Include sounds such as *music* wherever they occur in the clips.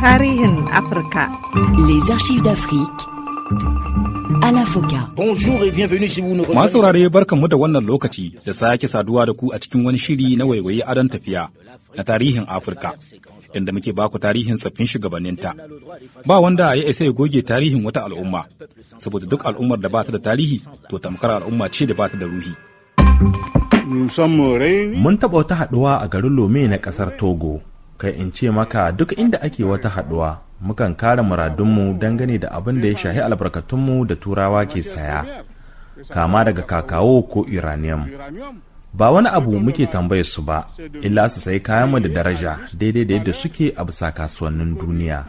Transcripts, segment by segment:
tarihin Afrika. Les archives d'Afrique Ma saurare barkanmu da wannan lokaci da sake saduwa da ku a cikin wani shiri na waiwaye adon tafiya na tarihin Afirka, inda muke baku tarihin tsaffin shugabanninta. Ba wanda ya isa ya goge tarihin wata al'umma, saboda duk al'ummar da bata ta da tarihi to tamkar al'umma ce da bata da ruhi. Mun taɓa wata haɗuwa a garin Lome na ƙasar Togo. kai in ce maka duk inda ake wata haɗuwa mukan kare muradunmu dangane da abin da ya shahi albarkatunmu da turawa ke saya kama daga kakawo ko uranium ba wani abu muke tambayar su ba illa su sayi kayanmu da daraja daidai da yadda suke a bisa kasuwannin duniya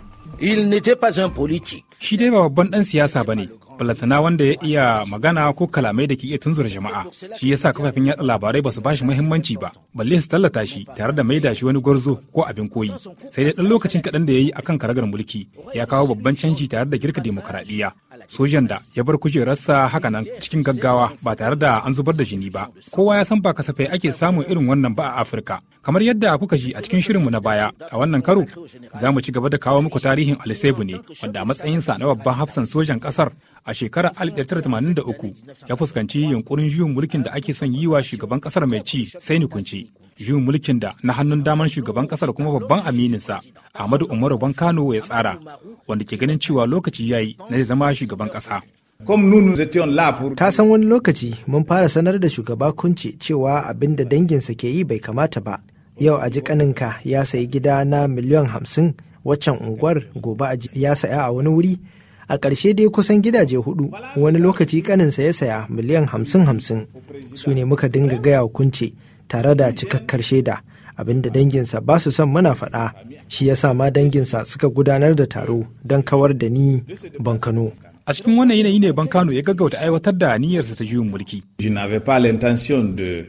Il n'était pas un politique. Shi dai ba babban ɗan siyasa ba ne, balatana wanda ya iya magana ko kalamai da ke iya tunzura jama'a. Shi yasa kafafen yaɗa labarai ba su bashi muhimmanci ba, balle su tallata shi tare da maida shi wani gwarzo ko abin koyi. Sai dai ɗan lokacin kaɗan da ya yi akan karagar mulki, ya kawo babban canji tare da girka demokradiyya sojan da ya bar kujerarsa haka nan cikin gaggawa ba tare da an zubar da jini ba kowa ya san ba kasafai ake samun irin wannan ba a afirka kamar yadda kuka ji a cikin shirinmu na baya a wannan karo za mu ci gaba da kawo muku tarihin alisebu ne wanda a matsayinsa na babban hafsan sojan kasar a shekarar 1983 ya fuskanci yunkurin juyin mulkin da ake son yi wa shugaban kasar mai ci sai ni kunci juyin mulkin da na hannun damar shugaban kasar kuma babban amininsa ahmadu umaru bankano ya tsara wanda ke ganin cewa lokaci yayi na zai zama shugaban kasa ta san wani lokaci mun fara sanar da shugaba kunce cewa abin da danginsa ke yi bai kamata ba yau a ji kaninka ya sayi gida na miliyan hamsin waccan unguwar gobe a ya saya a wani wuri a ƙarshe dai kusan gidaje hudu wani lokaci kaninsa ya saya miliyan hamsin hamsin su ne muka dinga gaya kunce tare da cikakkar shaida abinda danginsa ba su son muna faɗa shi ya sa ma danginsa suka gudanar da taro don kawar da ni bankano a cikin wannan yanayi ne bankano ya gaggauta aiwatar da niyyarsa ta juyin mulki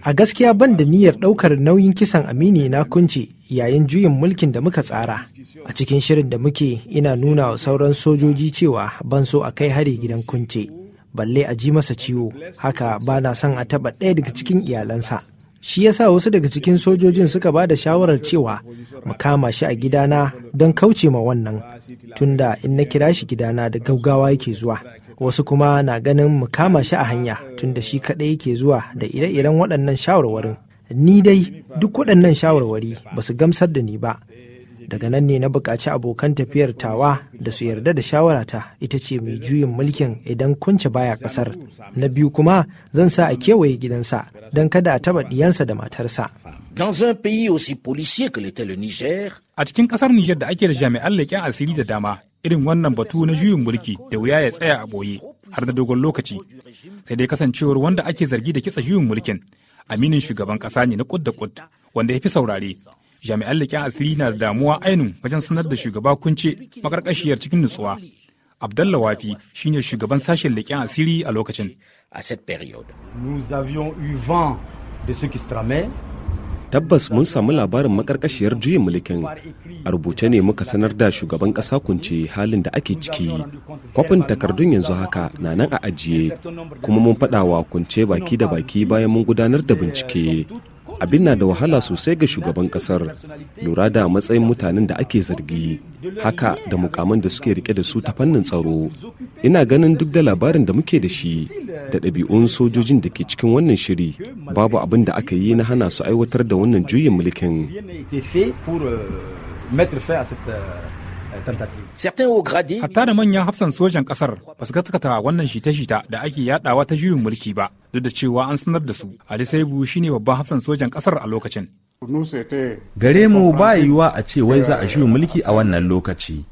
a gaskiya ban da niyyar ɗaukar nauyin kisan amini na kunci yayin juyin mulkin da muka tsara a cikin shirin da muke ina nuna wa sauran sojoji cewa ban so a kai hari gidan kunce balle a ji masa ciwo haka ba na son a taɓa ɗaya daga cikin iyalansa shi ya sa wasu daga cikin sojojin suka ba da shawarar cewa mu kama shi a gidana don kauce ma wannan tunda in na kira shi gidana da gaugawa yake zuwa wasu kuma na ganin mu kama shi a hanya tunda shi kaɗai yake zuwa da ire-iren waɗannan shawarwarin ni dai duk waɗannan shawarwari ba su gamsar da ni ba daga nan ne na buƙaci abokan tafiyar tawa da su yarda da shawarata ita ce mai juyin mulkin idan kunce baya ƙasar na biyu kuma zan sa a kewaye gidansa don kada a taba ɗiyansa da matarsa a cikin ƙasar niger da ake da jami'an leƙen asiri da dama irin wannan batu na juyin mulki da wuya ya tsaya a ɓoye har da dogon lokaci sai dai kasancewar wanda ake zargi da kitsa juyin mulkin aminin shugaban ƙasa ne na kud da kud wanda ya fi saurare jami'an leƙen asiri na da damuwa ainun wajen sanar da shugaba kunce makarƙashiyar cikin nutsuwa abdalla wafi shine shugaban sashen leƙen asiri a lokacin tabbas mun samu labarin makarkashiyar juyin mulkin a rubuce ne muka sanar da shugaban ƙasa kunce halin da ake ciki kwafin takardun yanzu haka na nan a ajiye kuma mun faɗa wa kunce baki da baki bayan mun gudanar da bincike abin na da wahala sosai ga shugaban kasar lura da matsayin mutanen da ake zargi haka da mukaman da suke rike da su ta fannin tsaro ina ganin duk da labarin da muke da shi da ɗabi'un sojojin da ke cikin wannan shiri babu abin da aka yi na hana su aiwatar da wannan juyin mulkin Hatta da manyan hafsan sojan kasar ba su gaskata wannan shita-shita da ake yadawa ta juyin mulki ba duk da cewa an sanar da su. Ali Saibu shine babban hafsan sojan kasar a lokacin. Gare mu ba yiwuwa a ce wai za a juyin mulki a wannan lokaci.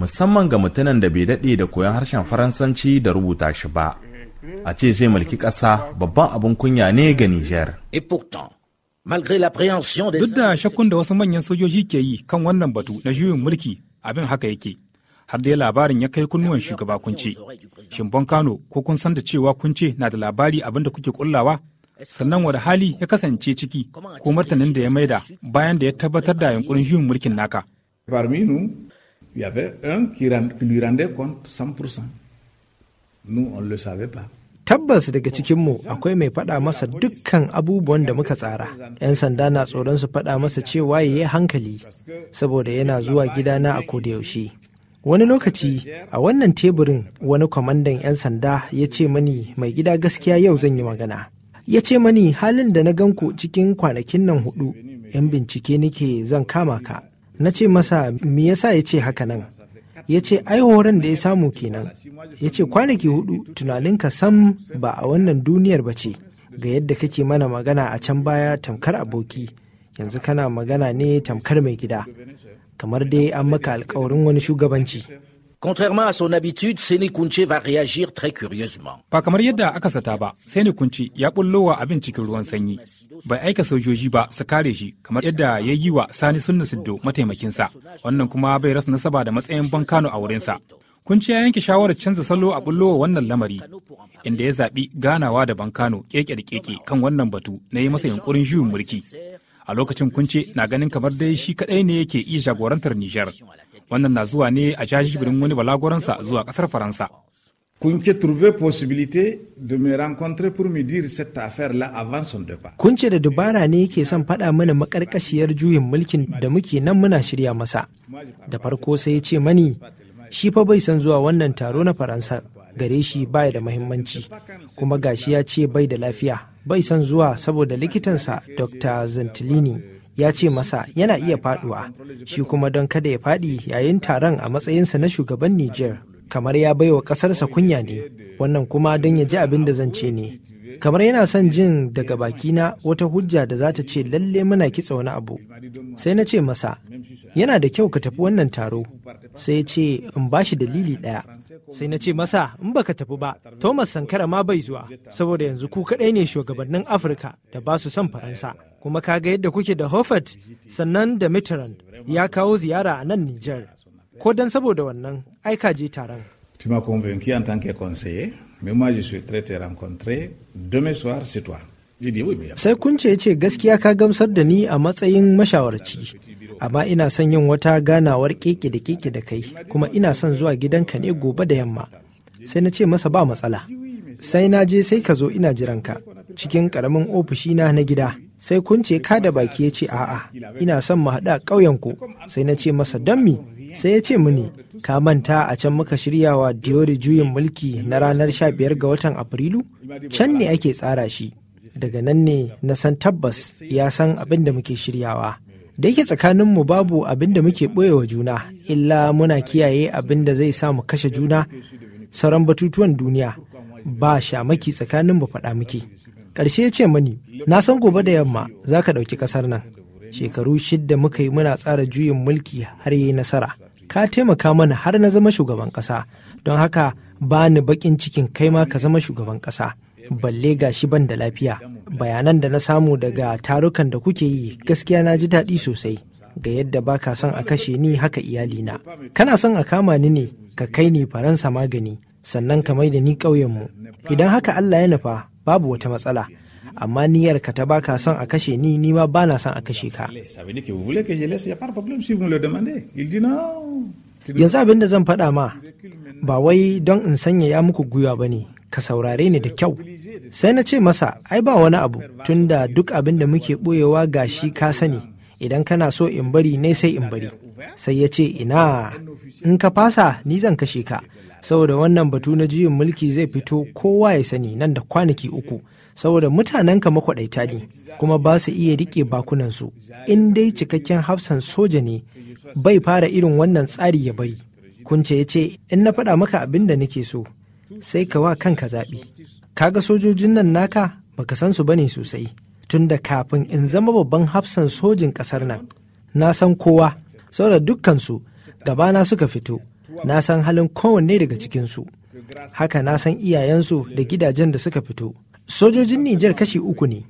Musamman ga mutanen da bai daɗe da koyon harshen Faransanci da rubuta shi ba. A ce zai mulki ƙasa babban abun kunya ne ga Nijar. Duk da shakkun da wasu manyan sojoji ke yi kan wannan batu na juyin mulki abin haka yake har dai labarin ya kai kunnuwan shugaba kunce shin kano ko kun san da cewa kunce na da labari abin da kuke kullawa sannan wani hali ya kasance ciki ko martanin da ya maida bayan da ya tabbatar da yunkurin shirin mulkin naka Il y avait un qui lui rendait compte 100%. Nous, on ne le savait pas. tabbas daga cikinmu akwai mai faɗa masa dukkan abubuwan da muka tsara 'yan sanda na tsoron su faɗa masa cewa ya yi hankali saboda yana zuwa gidana a yaushe. wani lokaci a wannan teburin wani kwamandan 'yan sanda ya ce mani mai gida gaskiya yau zan yi magana ya ce mani halin da na ganku cikin kwanakin nan hudu 'yan bincike nake zan kama ka na ce masa me yasa ya ce haka nan ya ce ai horon da ya samu kenan ya ce kwanaki hudu tunaninka sam ba a wannan duniyar ba ce ga yadda kake mana magana a can baya tamkar aboki yanzu kana magana ne tamkar mai gida kamar dai an maka alkawarin wani shugabanci Contrairement à son habitude, Seni Kunce va réagir très curieusement. Ba kamar yadda aka sata ba, Seni Kunce ya bullowa abin cikin ruwan sanyi. Bai aika sojoji ba su kare shi kamar yadda ya yi wa Sani Sunna Siddo mataimakinsa. Wannan kuma bai rasa nasaba da matsayin bankano a wurinsa. Kunce ya yanke shawarar canza salo a bullowa wannan lamari, inda ya zaɓi ganawa da bankano keke da keke kan wannan batu na yi masa yunkurin juyin mulki. a lokacin kunce na ganin kamar dai shi kadai ne yake iya jagorantar Nijar. Wannan na zuwa ne a jajibirin wani balagoransa zuwa kasar Faransa. Kunce trouvé possibilité de da dubara ne yake son faɗa mana makarkashiyar juyin mulkin da muke nan muna shirya masa. Da farko sai ya ce mani shi fa bai san zuwa wannan taro na Faransa gare shi baya da muhimmanci kuma gashi ya ce bai da lafiya bai san zuwa saboda likitansa Dr. Zantilini ya ce masa yana iya faduwa shi kuma don kada ya fadi yayin taron a matsayinsa na shugaban Nijar kamar ya baiwa kasarsa kunya ne wannan kuma don ya ji abin da zance ne kamar yana son jin daga bakina wata hujja da za ta ce lalle muna kitsa wani abu sai na ce masa yana da kyau ka tafi wannan taro sai ya ce in ba shi dalili ɗaya sai na ce masa in ba ka tafi ba thomas sankara ma bai zuwa saboda yanzu ku kaɗai ne shugabannin afirka da ba su son faransa kuma kaga yadda kuke da hofet sannan da Mitterrand ya kawo ziyara a nan Nijar. Ko don saboda wannan aika je taron. Mais moi, je suis très rencontré. Demain soir, c'est toi. Sai kunce ya ce gaskiya ka gamsar da ni a matsayin mashawarci, amma ina son yin wata ganawar keke da keke da kai, kuma ina son zuwa gidanka ne gobe da yamma. Sai na ce masa ba matsala. Sai na je sai ka zo ina jiranka cikin karamin ofishina na gida. sai kunce ce ka da baki ya ce a'a ina son mu haɗa ƙauyenku sai na ce masa don mi sai ya ce mini Ka manta a can muka shirya wa Diori juyin mulki na ranar 15 ga watan Afrilu? Can ne ake tsara shi. Daga nan ne na san tabbas ya san abin da muke shiryawa. Da yake tsakaninmu babu abin da muke ɓoyewa juna, illa muna kiyaye abin da zai sa mu kashe juna sauran batutuwan duniya. Ba shamaki tsakaninmu faɗa muke. Ƙarshe ya ce mani, na san gobe da yamma za ka ɗauki ƙasar nan. Shekaru shidda muka yi muna tsara juyin mulki har yi nasara. ka taimaka mana har na zama shugaban ƙasa don haka ba ni baƙin cikin kai ma ka zama shugaban ƙasa balle ga shi ban da lafiya bayanan da na samu daga tarukan da kuke yi gaskiya na ji daɗi sosai ga yadda ba ka son a kashe ni haka Iyali na. kana son a kama ni ne ka kai ni faransa magani sannan ka mai da ni ƙauyenmu idan haka allah ya nufa babu wata matsala amma niyyar ka ta baka son a kashe ni ni ma bana son a kashe ka yanzu abin da zan faɗa ma ba wai don in sanya ya muku gwiwa ba ne ka saurare ni da kyau sai na ce masa ai ba wani abu tunda duk abin da muke ɓoyewa shi ka sani idan kana so in bari ne sai in bari sai ya ce ina in ka fasa ni zan kashe ka saboda wannan batu na juyin mulki zai fito kowa ya sani nan da kwanaki uku saboda mutanenka makwaɗaita ne kuma ba su iya riƙe bakunansu in dai cikakken hafsan soja ne bai fara irin wannan tsari ya bari kunce ya ce in na faɗa maka abin da nake so sai ka wa kanka zaɓi kaga sojojin nan naka Ba ka san su ba ne sosai tunda kafin in zama babban hafsan sojin ƙasar nan na san kowa saboda dukkansu gabana suka fito na san halin kowanne daga cikinsu haka na san iyayensu da gidajen da suka fito Sojojin Nijar kashi uku ne,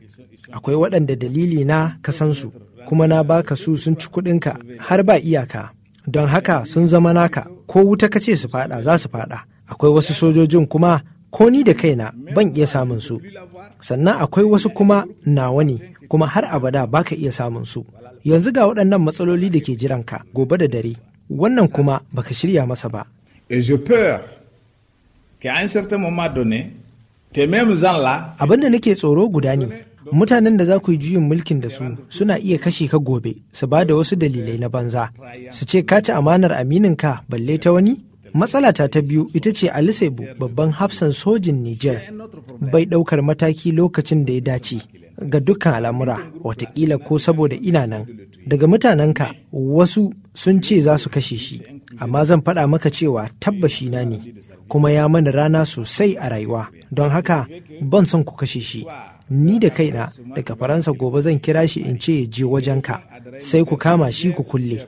akwai waɗanda dalili na kasansu, kuma na baka su sun ci kuɗinka har ba iyaka, don haka sun zama naka ko wuta ka ce su faɗa za su faɗa. Akwai wasu sojojin kuma ko ni da kaina ban iya samun su sannan akwai wasu kuma nawa ne kuma har abada baka iya samun su yanzu ga waɗannan matsaloli da ke jiranka gobe da dare wannan kuma baka shirya masa ba Et je peur Abin da nake tsoro guda ne, mutanen da za ku yi juyin mulkin da su suna iya kashe ka gobe su ba da wasu dalilai na banza, su ce ka ci amanar aminin ka balle ta wani? Matsalata ta biyu ita ce Alisebu babban hafsan sojin Nijar bai ɗaukar mataki lokacin da ya dace ga dukkan al'amura watakila ko saboda ina nan. Daga mutanenka wasu sun ce za su kashe shi, amma zan faɗa maka cewa tabbashi na ne kuma ya mana rana sosai a rayuwa don haka ban son ku kashe shi ni da kaina daga faransa gobe zan kira shi in ce je ka sai ku kama shi ku kulle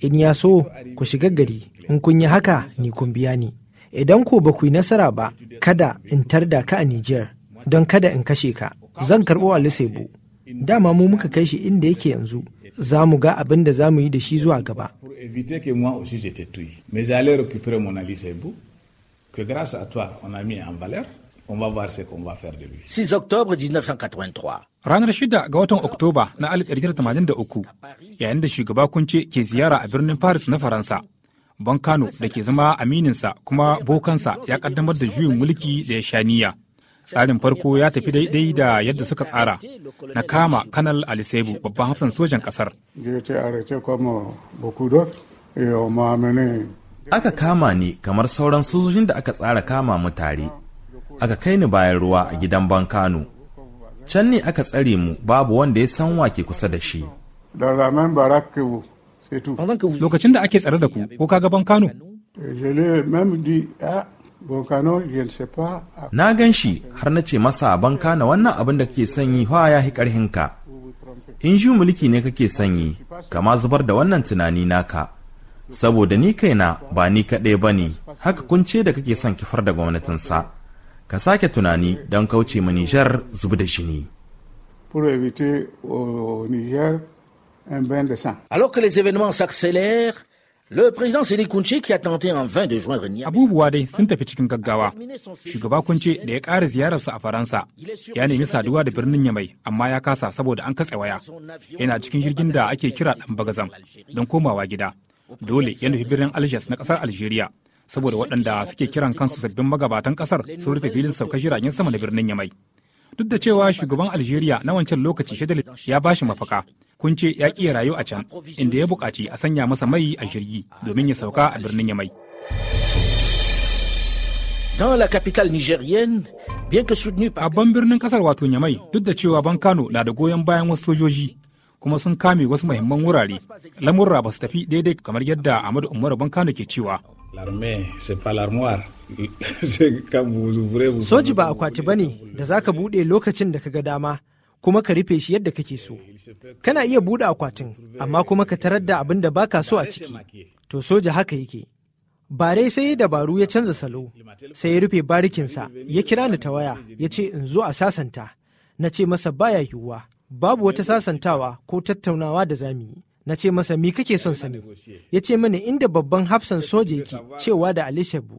in ya so ku shiga gari in kun yi haka ni kun biya ni idan ko ba ku yi nasara ba kada in tarda ka a Nijar don kada in kashe ka zan karɓo Alisebu dama mu muka kai shi inda yake yanzu za mu ga abin da za mu yi da shi zuwa gaba. Ranar 6 shida ga watan Oktoba na 1983, yayin da shugaba kunce ke ziyara a birnin Paris na Faransa, Bankano da ke zama amininsa kuma bokansa ya kaddamar da juyin mulki da ya sha niyya. tsarin farko ya tafi daidai da yadda suka tsara na kama kanal alisebu babban hafsan sojan kasar aka kama ni kamar sauran sojojin da aka tsara kama mu tare aka kai ni bayan ruwa a gidan bankano can ne aka tsare mu babu wanda ya san wake kusa da shi lokacin da ake tsare da ku ko kaga bankano Na gan shi har na ce masa banka na wannan abin da kake sanyi fa ya hi ƙarhinka. In ji mulki ne kake sanyi, kama zubar da wannan tunani naka. Saboda ni kaina ba ni kaɗai ba ne, haka kunce da kake son kifar da gwamnatinsa. Ka sake tunani don kauce ma Nijar zubi da shini. Alors que les événements Abubuwa dai sun tafi cikin gaggawa. Shugaba Kunce da ya ƙara ziyararsa a Faransa ya nemi saduwa da birnin Yamai amma ya kasa saboda an katse waya. Yana cikin jirgin da ake kira dan bagazam don komawa gida. Dole ya nufi birnin Algiers na ƙasar Algeria saboda waɗanda suke kiran kansu sabbin magabatan ƙasar sun rufe filin saukar jiragen sama da birnin Yamai. duk da cewa shugaban algeria na wancan lokaci shadal ya ba shi mafaka kun ce ya ƙi rayu a can inda ya buƙaci a sanya masa mai a jirgi domin ya sauka a birnin yamai Dans la birnin kasar wato Nyamai duk da cewa Bankano na da goyon bayan wasu sojoji kuma sun kame wasu mahimman wurare. Lamurra ba su tafi daidai kamar yadda Ahmadu Umaru Bankano ke cewa *laughs* Soji ba akwati ba ne da za ka buɗe lokacin da ka ga dama kuma ka rufe shi yadda kake so. Kana iya buɗe akwatin amma kuma ka tarar da abin da baka so a ciki. To soja haka yake. Bare sai ya dabaru ya canza salo, sai ya rufe barikinsa, ya kira ni ta waya, ya ce in zo a sasanta. Na ce masa baya yiwuwa, babu wata sasantawa ko tattaunawa da zamu yi. na ce masa mi kake son sani ya ce mini inda babban hafsan soja yake cewa da ali shebu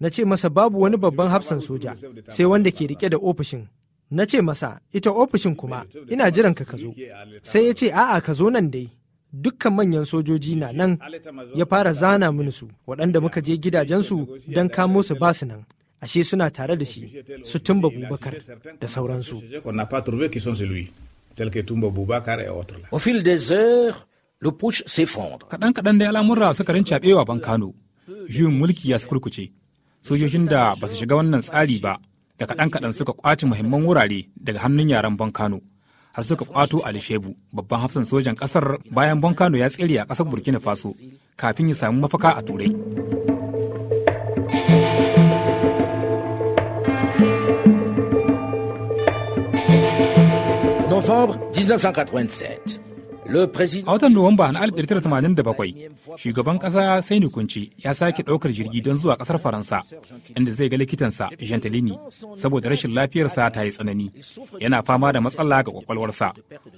na ce masa babu wani babban hafsan soja sai wanda ke rike da ofishin na ce masa ita ofishin kuma ina jiran ka zo sai ya ce a'a ka zo nan dai dukkan manyan sojoji na nan ya fara zana mini su waɗanda muka je gidajensu don kamo su basu nan ashe suna tare da shi su tumba bubakar da sauransu. Au fil des heures, Lupush s'effondre. Kaɗan-kaɗan dai al'amurra suka rincaɓewa ban Kano. Juyin mulki ya kurkuce. Sojojin da ba su shiga wannan tsari ba da kaɗan-kaɗan suka ƙwace muhimman wurare daga hannun yaren ban Kano. Har suka ƙwato a lishebu babban hafsan sojan ƙasar bayan ban Kano ya tsere a ƙasar Burkina Faso kafin ya samu mafaka a Turai. Novembre 1987. A watan Nuwamba na 1987, shugaban ƙasa sai kunci ya sake ɗaukar jirgi don zuwa ƙasar Faransa, inda zai ga likitansa Gentilini saboda rashin lafiyarsa ta yi tsanani. Yana fama da matsala ga ƙwaƙwalwarsa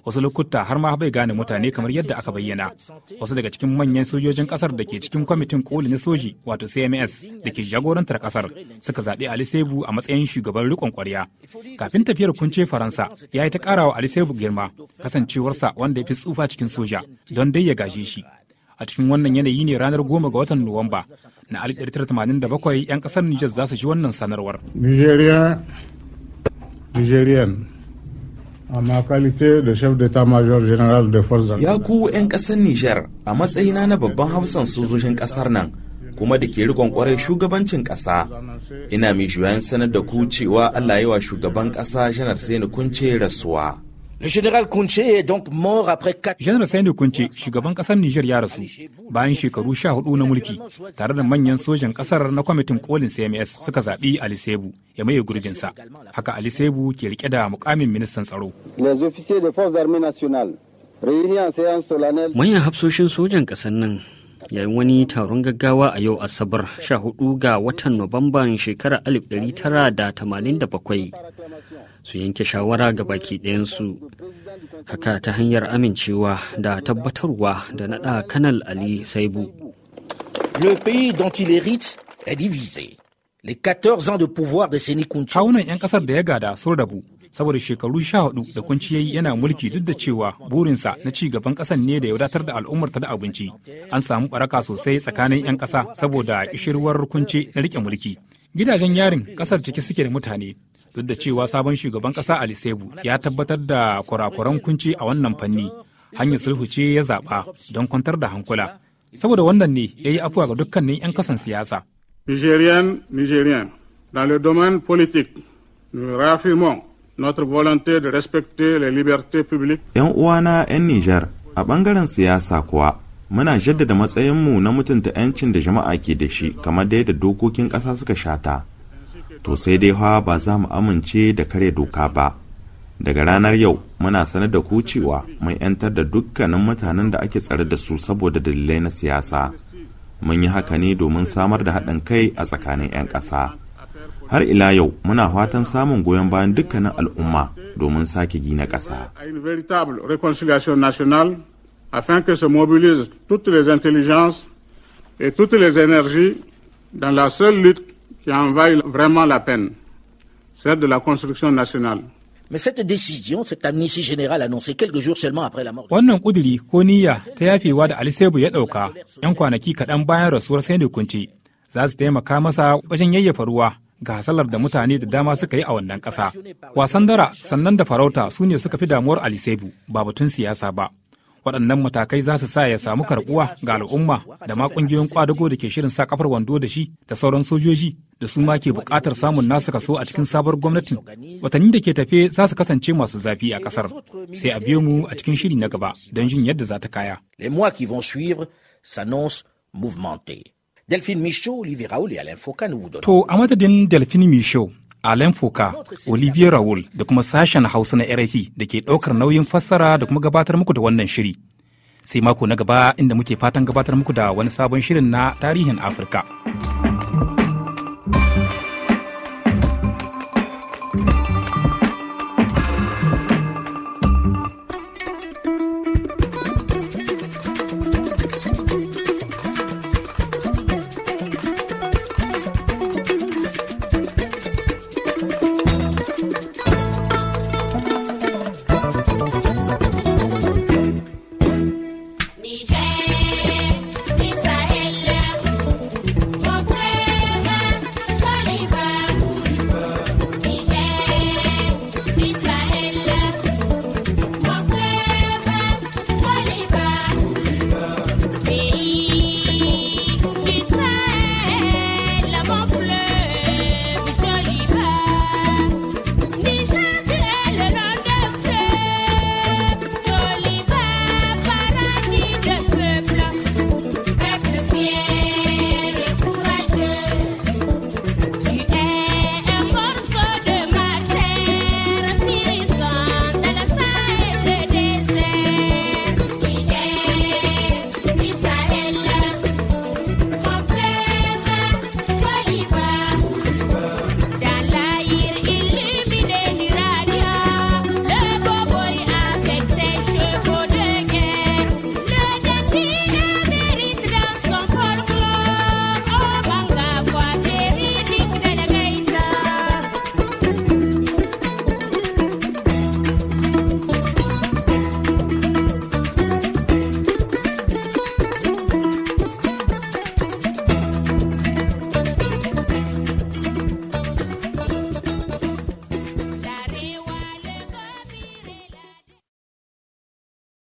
Wasu lokuta har ma bai gane mutane kamar yadda aka bayyana. Wasu daga cikin manyan sojojin ƙasar da ke cikin kwamitin koli na soji wato CMS da ke jagorantar ƙasar suka zaɓi Ali Sebu a matsayin shugaban riƙon ƙwarya. Kafin tafiyar kunce Faransa ya yi ta ƙarawa Ali Sebu girma kasancewarsa wanda ya fi tsufa jefa cikin soja don dai ya gashe shi a cikin wannan yanayi ne ranar goma ga watan nuwamba na 1987 'yan kasar nijar za su ji wannan sanarwar a major general de ya ku 'yan kasar nijar a matsayina na babban hafsan sojojin kasar nan kuma da ke rikon kwarai shugabancin kasa ina mai juyan sanar da ku cewa allah yawa shugaban kasa janar sai kunce rasuwa Janar Sani Kunce shugaban ƙasar Nijar ya rasu bayan shekaru sha hudu na mulki tare da manyan sojan kasar na kwamitin kolin CMS suka zaɓi Ali Sebu ya maye gurbinsa. Haka Ali Sebu ke rike da mukamin ministan tsaro. de Manyan hafsoshin sojan kasar nan yayin wani taron gaggawa a yau asabar 14 ga watan nuwamban shekarar 1987 su yanke shawara ga baki ɗayansu haka ta hanyar amincewa da tabbatarwa da naɗa kanal ali saibu le Haunan 'yan kasar da ya gada sun rabu saboda shekaru sha hudu da kunci yayi yana mulki duk da cewa burinsa na ci gaban kasar ne da ya wadatar da al'ummar ta da abinci. An samu baraka sosai tsakanin 'yan kasa saboda kishirwar kunci na rike mulki. Gidajen yarin kasar ciki suke da mutane duk da cewa sabon shugaban kasa Ali Sebu ya tabbatar da kurakuran kunci a wannan fanni hanyar sulhu ce ya zaɓa don kwantar da hankula saboda wannan ne ya yi afuwa ga dukkanin 'yan kasan siyasa. Nigerian, Nigerian, dans le domaine politique, nous réaffirmons notre volonté de respecter les libertés publiques. 'Yan uwana 'yan Nijar, a ɓangaren siyasa kuwa, muna jaddada matsayinmu na mutunta 'yancin da jama'a ke da shi kamar da yadda dokokin ƙasa suka shata. to sai dai hawa ba za mu amince da kare doka ba daga ranar yau muna sanar da ku cewa mun 'yantar da dukkanin mutanen da ake tsare da su saboda dalilai na siyasa mun yi haka ne domin samar da haɗin kai a tsakanin 'yan ƙasa har ila yau muna fatan samun goyon bayan dukkanin al'umma domin sake gina ƙasa afin que se mobilisent toutes les intelligences et toutes les énergies dans la seule lutte qui en vaille vraiment la peine, celle de la construction nationale. Mais cette décision, cette amnistie générale annoncée quelques jours seulement après la mort. Wannan kuduri ko niyya ta yafewa da Ali Sebu ya ɗauka 'yan kwanaki kaɗan bayan rasuwar Sani Kunce za su taimaka masa wajen yayyafa ruwa ga hasalar da mutane da dama suka yi a wannan ƙasa. Wasan dara sannan da farauta su ne suka fi damuwar Ali Sebu ba batun siyasa ba. waɗannan matakai za su sa ya samu karɓuwa ga al'umma da ma ƙungiyoyin ƙwadago da ke shirin sa kafar wando da shi da sauran sojoji da su ma ke buƙatar samun nasu kaso a cikin sabuwar gwamnatin watanni da ke tafe za su kasance masu zafi a ƙasar sai a biyo mu a cikin shiri na gaba don jin yadda za ta kaya. To, a madadin Delphine Michaud, Alain Foka, Olivier Raoul da kuma sashen Hausa na RFI da ke ɗaukar nauyin fassara da kuma gabatar muku da wannan shiri. Sai mako na gaba inda muke fatan gabatar muku da wani sabon shirin na tarihin Afirka.